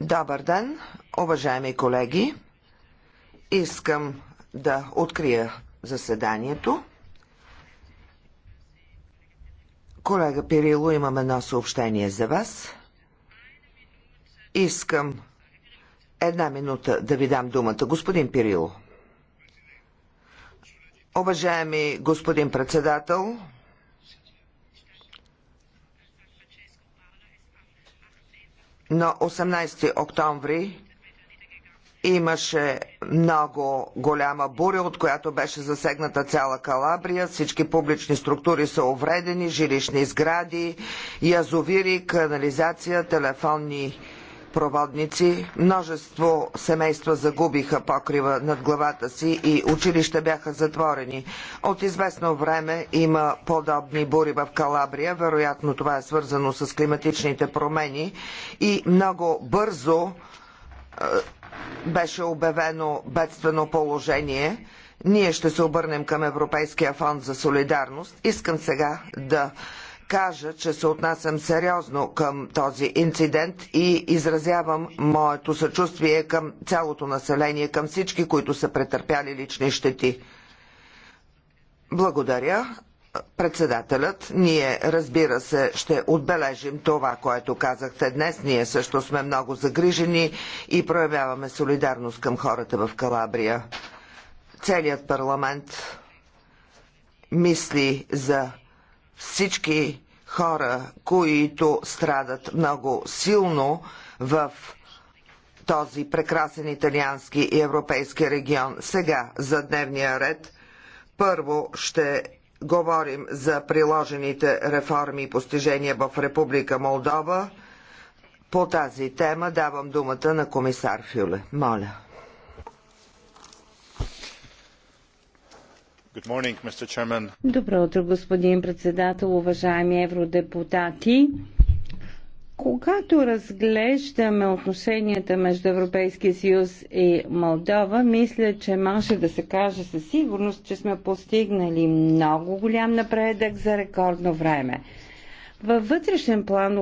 Добър ден, уважаеми колеги! Искам да открия заседанието. Колега Пирило, имам едно съобщение за вас. Искам една минута да ви дам думата. Господин Пирило. Уважаеми господин председател, на 18 октомври имаше много голяма буря, от която беше засегната цяла Калабрия. Всички публични структури са увредени, жилищни сгради, язовири, канализация, телефонни проводници. Множество семейства загубиха покрива над главата си и училища бяха затворени. От известно време има подобни бури в Калабрия. Вероятно това е свързано с климатичните промени и много бързо е, беше обявено бедствено положение. Ние ще се обърнем към Европейския фонд за солидарност. Искам сега да кажа, че се отнасям сериозно към този инцидент и изразявам моето съчувствие към цялото население, към всички, които са претърпяли лични щети. Благодаря. Председателят, ние разбира се ще отбележим това, което казахте днес. Ние също сме много загрижени и проявяваме солидарност към хората в Калабрия. Целият парламент мисли за всички хора, които страдат много силно в този прекрасен италиански и европейски регион. Сега за дневния ред първо ще говорим за приложените реформи и постижения в Република Молдова. По тази тема давам думата на комисар Фюле. Моля. Добро утро, господин председател, уважаеми евродепутати. Когато разглеждаме отношенията между Европейския съюз и Молдова, мисля, че може да се каже със сигурност, че сме постигнали много голям напредък за рекордно време. Във вътрешен план